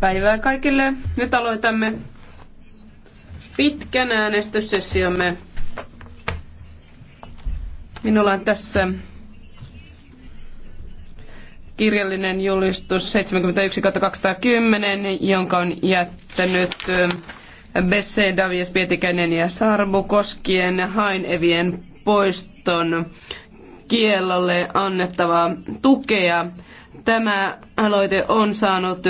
päivää kaikille. Nyt aloitamme pitkän äänestyssessiomme. Minulla on tässä kirjallinen julistus 71-210, jonka on jättänyt eh, Besse Davies Pietikäinen ja Sarbu koskien hainevien poiston kiellolle annettavaa tukea. Tämä aloite on saanut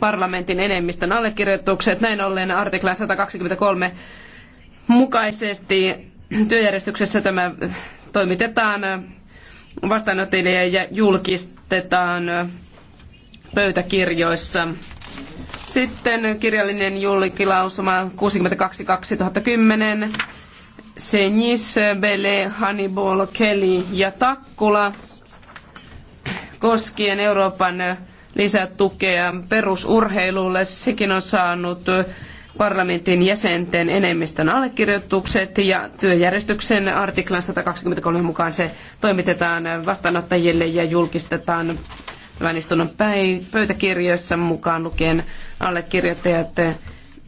parlamentin enemmistön allekirjoitukset. Näin ollen artikla 123 mukaisesti työjärjestyksessä tämä toimitetaan vastaanottajille ja julkistetaan pöytäkirjoissa. Sitten kirjallinen julkilausuma 62-2010. Senis, Bele, Hannibal, Kelly ja Takkula koskien Euroopan lisätukea perusurheilulle. Sekin on saanut parlamentin jäsenten enemmistön allekirjoitukset ja työjärjestyksen artiklan 123 mukaan se toimitetaan vastaanottajille ja julkistetaan tämän istunnon pöytäkirjoissa mukaan lukien allekirjoittajat.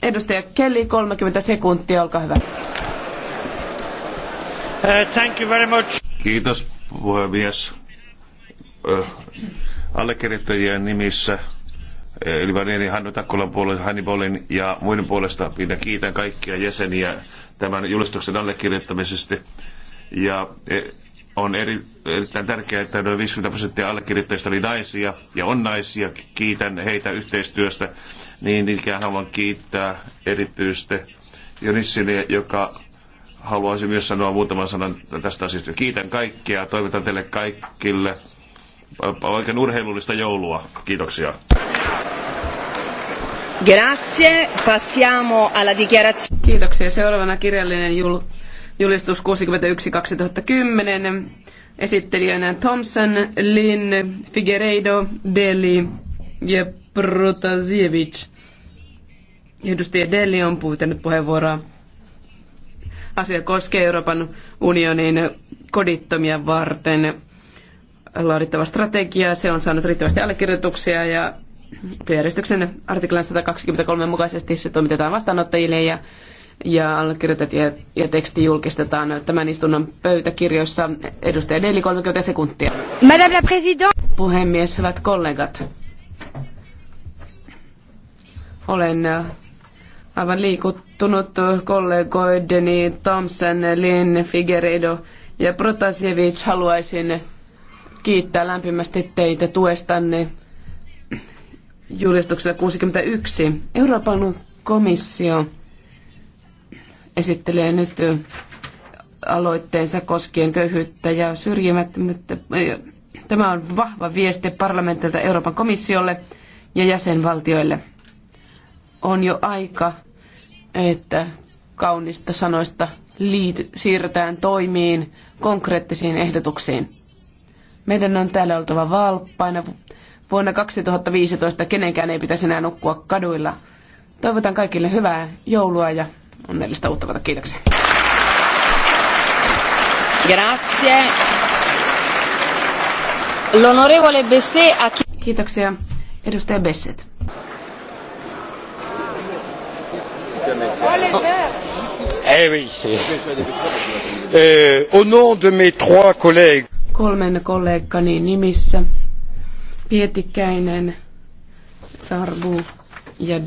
Edustaja Kelly, 30 sekuntia, olkaa hyvä. Uh, thank you very much. Kiitos puhemies. Uh, allekirjoittajien nimissä, eh, eli Vanieri Hannu Takkolan puolesta, Hannibalin ja muiden puolesta, minä kiitän kaikkia jäseniä tämän julistuksen allekirjoittamisesta. Ja eh, on eri, erittäin tärkeää, että noin 50 prosenttia allekirjoittajista oli naisia ja on naisia. Kiitän heitä yhteistyöstä. Niin ikään haluan kiittää erityisesti Jonissille, joka haluaisi myös sanoa muutaman sanan tästä asiasta. Kiitän kaikkia, toivotan teille kaikille oikein urheilullista joulua. Kiitoksia. Grazie. Passiamo alla dichiarazione. Kiitoksia. Seuraavana kirjallinen jul, julistus 61-2010. Esittelijänä Thompson, Lin, Figueiredo, Deli ja Protasiewicz. Edustaja Deli on pyytänyt puheenvuoroa. Asia koskee Euroopan unionin kodittomia varten laadittava strategia. Se on saanut riittävästi allekirjoituksia ja työjärjestyksen artiklan 123 mukaisesti se toimitetaan vastaanottajille ja, ja allekirjoitet ja, ja teksti julkistetaan tämän istunnon pöytäkirjoissa. Edustaja Deli, 30 sekuntia. Madame la Présidente! Puhemies, hyvät kollegat. Olen äh, aivan liikuttunut kollegoideni Thompson, Lin, Figueredo ja Protasevich haluaisin kiittää lämpimästi teitä tuestanne julistuksella 61. Euroopan komissio esittelee nyt aloitteensa koskien köyhyyttä ja syrjimättömyyttä. Tämä on vahva viesti parlamentilta Euroopan komissiolle ja jäsenvaltioille. On jo aika, että kaunista sanoista liity, siirrytään toimiin, konkreettisiin ehdotuksiin. Meidän on täällä oltava valppaina. Vuonna 2015 kenenkään ei pitäisi enää nukkua kaduilla. Toivotan kaikille hyvää joulua ja onnellista uutta vuotta. Kiitoksia. Grazie. L'onorevole Besset a... Kiitoksia. Edustaja Besset. Eh oui, c'est. Eh, au nom de mes trois collègues kolmen kollegani nimissä. Pietikäinen, Sarbu ja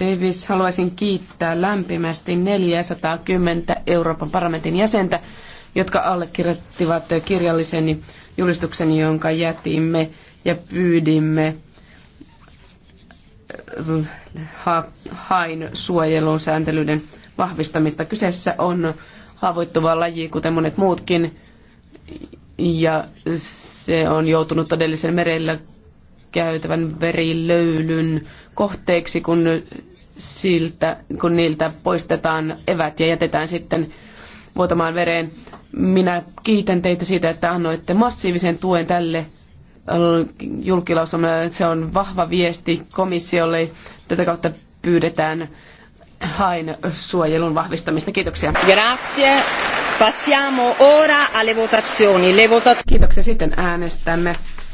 Davis, haluaisin kiittää lämpimästi 410 Euroopan parlamentin jäsentä, jotka allekirjoittivat kirjallisen julistuksen, jonka jätimme ja pyydimme äh, hain suojelun sääntelyiden vahvistamista. Kyseessä on haavoittuva laji, kuten monet muutkin, ja se on joutunut todellisen merellä käytävän verilöylyn kohteeksi, kun, siltä, kun niiltä poistetaan evät ja jätetään sitten vuotamaan vereen. Minä kiitän teitä siitä, että annoitte massiivisen tuen tälle äh, julkilausumalle. Se on vahva viesti komissiolle. Tätä kautta pyydetään hain suojelun vahvistamista. Kiitoksia. Grazie. Passiamo ora alle votazioni. Le votazioni. Kiitoksia. Sitten äänestämme